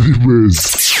Heavy Mess.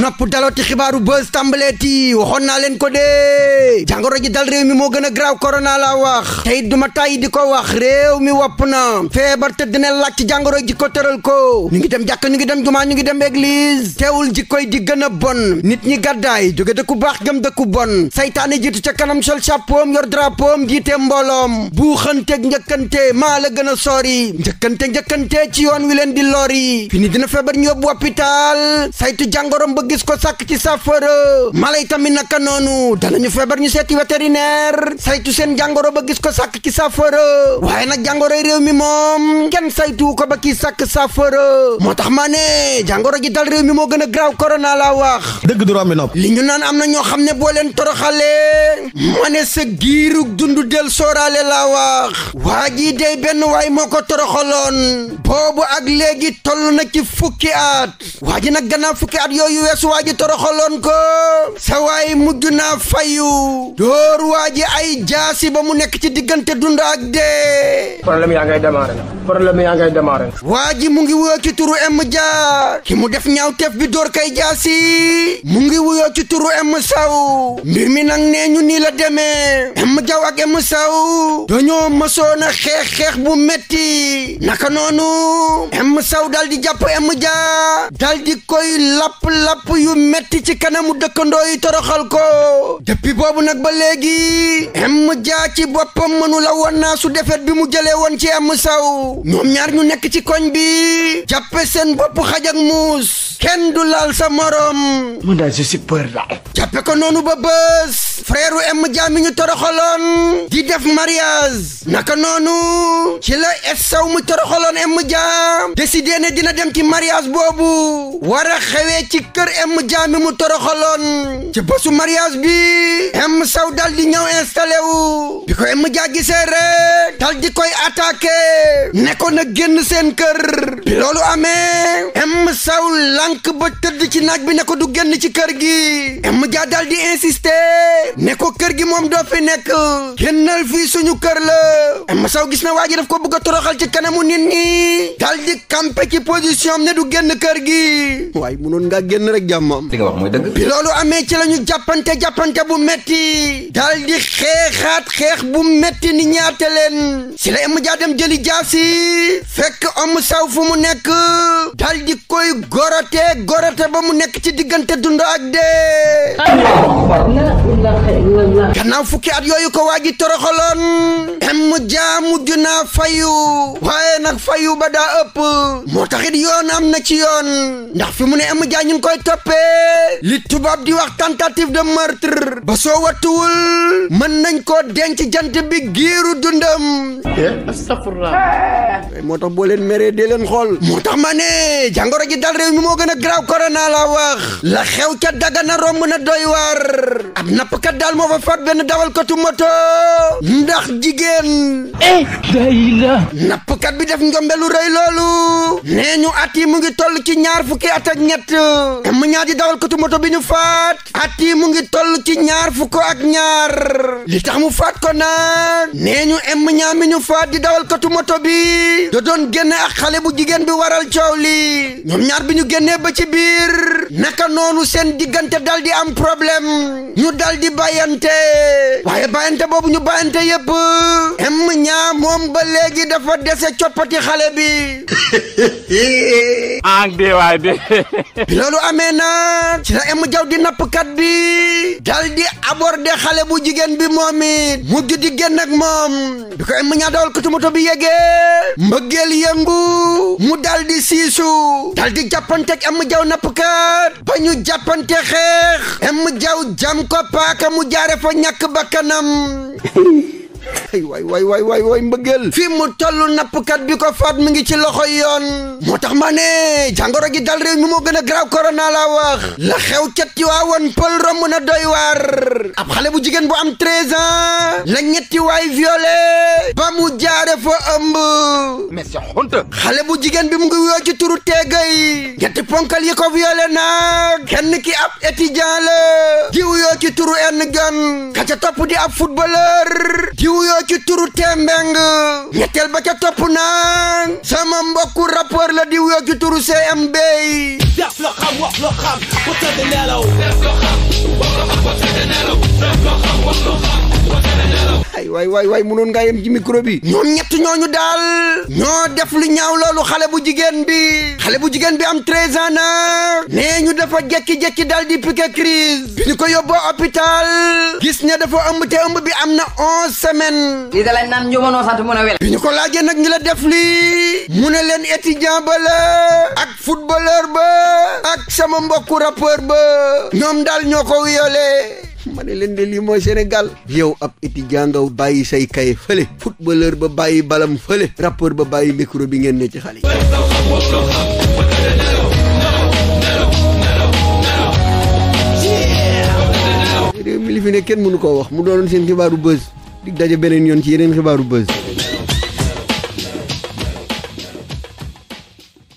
nopp dalooti xibaaru buzz tàmbaleeti waxoon naa leen ko dee jàngoro ji dal réew mi moo gën a graaw corona la wax tey duma tàyyi di ko wax réew mi wopp na feebar tëdd dina laaj ci jàngoro ji ko tëral ko ñu ngi dem jàkk ñu ngi dem jumaa ñu ngi dem église teewul ji koy di gën a bon nit ñi gàddaay jóge dëkku baax gëm dëkku bon saytaane jiitu ca kanam sol chapeau yor drapeau jiite mbooloom buuxanteeg njëkkante maa la gën a sori njëkkante njëkkante ci yoon wi leen di lori fini dina feebar ñu yóbbu hôpital saytu jàngoro gis ko sàkk ci saafara mala yi tamit naka noonu danañu feebar ñu seeti vétérinaire saytu seen jàngoro ba gis ko sàkk ci saafara waaye nag jàngoro réew mi moom kenn saytu ko ba kii sakk saafara moo tax maa ne jàngoro ji dal réew mi moo gën a graaw corona laa wax. dëgg du rombi nopp li ñu naan am na ñoo xam ne boo leen toroxalee ma ne sa giirug dundu laa wax waa jii day benn waay moo ko toroxaloon boobu ak léegi toll na ci fukki at waa ji gannaaw fukki fees waa ji toroxaloon ko sa waay mujj naa fayu dóor ji ay jaasi ba mu nekk ci diggante dund ak dee problème yaa ji mu ngi wuyoo ci turu M ki mu def ñaaw teef bi door kay jaasi mu ngi wuyoo ci turu M Saw mbir mi nag nee ñu nii la demee M Jaw ak M Saw dañoo mësoon xeex xeex bu metti naka noonu M Saw dal di jàpp M Dia dal koy lapp lapp yàpp yu metti ci kanamu dëkkandoo yi toroxal ko depuis boobu nag ba léegi em jaa ci boppam mënu la woon naa su defet bi mu jëlee woon ci am saw ñoom ñaar ñu nekk ci koñ bi jàppe seen bopp xaj ak muus kenn du laal sa morom. mu daal je suis peur daal. ko noonu ba frère M Dia mi ñu toroxaloon di def mariage naka noonu ci la es saw mu toroxaloon M Dia décidé ne dina dem ci mariage boobu war a xewee ci kër M Dia mi mu toroxaloon ci bésu mariage bi M saw dal di ñëw wu bi ko M Dia gisee rek dal di koy attaqué nekkoon na génn seen kër. bi loolu amee m saw lànk ba tëdd ci naaj bi ne ko du génn ci kër gi m jaa daal di ne ko kër gi moom doo fi nekk génnal fii suñu kër la m saw gis na waa ji daf ko bëgg a toroxal ci kanamu nit ñi daal di ci position ne du génn kër gi waaye munoon ngaa génn rek jàmmam li nga bi loolu amee ci lañu jàppante jàppante bu metti daal di xeexaat xeex bu metti ni ñaate leen si la m jaa dem jëli jaasi fekk m saw fu mu nekk dal di koy gorote gorote ba mu nekk ci diggante dund ak dee gannaaw fukki at yooyu ko waa ji toroxaloon mu jaamu junaa fayu waaye nag fayu ba daa ëpp moo taxit yoon am na ci yoon ndax fi mu ne am jaa ñu ngi koy toppee li tubaab di wax tentative de meurtre ba soo wattuwul mën nañ ko denc jant bi giiru dundam eh, astafurlah eh, moo tax boo meree dee leen xool lool moo tax ma ne jàngoro ji dal réew mi moo gën a graaw korona la wax la xew ca dagana romb na doy waar daal moo benn dawalkatu moto ndax jigéen eh, bi def njombe lu rëy loolu nee ñu at yi mu ngi toll ci ñaar fukki at ak ñett mu ñaar di dawalkatu moto bi ñu faat at mu ngi toll ci ñaar fukk ak ñaar li tax mu faat ko nag nee ñu em ñaar mi ñu faat di dawalkatu moto bi da doon génne ak xale bu jigéen bi waral coow li ñoom ñaar bi ñu génnee ba ci biir naka noonu seen diggante dal di am problème ñu dal di bàyyi bayante waaye bayante boobu ñu bayante yépp moom ba léegi dafa dese coppati xale bi. ah dee waay bi loolu amee na ci la Emu Jaw di nappkat bi dal di aborder xale bu jigéen bi moom it mujj di génn moom bi ko Emu ñaa dawal ko ci moto bi yegee mbëggeel yëngu mu daldi di siisu dal di jàppanteeg Emu Jaw nappkat ba ñu jàppante xeex Emu Jaw jam ko paaka mu jaare fa ñàkk bakkanam ay waay waay waay waay waay mbëggeel fi mu toll nappkat bi ko faat mi ngi ci loxo yoon moo tax maa ne gi dal réew mi moo gën a garaaw korona laa wax la xew ca Tiwaawan pël romb na doy waar ab xale bu jigéen bu am 13 ans la ñetti waay violé ba mu jaare fa ëmb mais c'est honte xale bu jigéen bi mu ngi wuyoo turu teegay ñetti ponkal yi ko violé nag kenn ki ab étudiant la di wuyoo turu enn gan ka topp di ab footballeur di wuyoo ci turu tembeng ñetteel ba ca topp nag sama mbokku rappeur la di wuyoo ci turu CMB def la xam wax xam ba tëdd xam wax la xam ba tëdd nelaw xam wax la xam ba tëdd nelaw ay waay waay ngaa yem ci micro bi ñoom ñooñu daal ñoo def lu ñaaw loolu xale bu jigéen bi xale bu jigéen bi am treize ans na nee ñu dafa jekki-jekki dal di pique crise bi ñu ko yóbboo hôpital gis ne dafa ëmb te ëmb bi am na onze semaine lii da lañ naan njumanoo sant mun a wel bi ñu ko laajee nag ñu la def lii mu ne leen étudiant ba ak footballeur ba ak sama mbokku rappeur ba ñoom daal ñoo ko wiyolee mane ne leen de lii mooy senegal yow ab étudiant nga bàyyi say kay fële footballeur ba bàyyi balam fële rappeur ba bàyyi micro bi ngeen ne ci xale réew mi li fi ne kenn mënu koo wax mu doonoon seen xibaaru buzz dig daje beneen yoon ci yeneen xibaaru buzz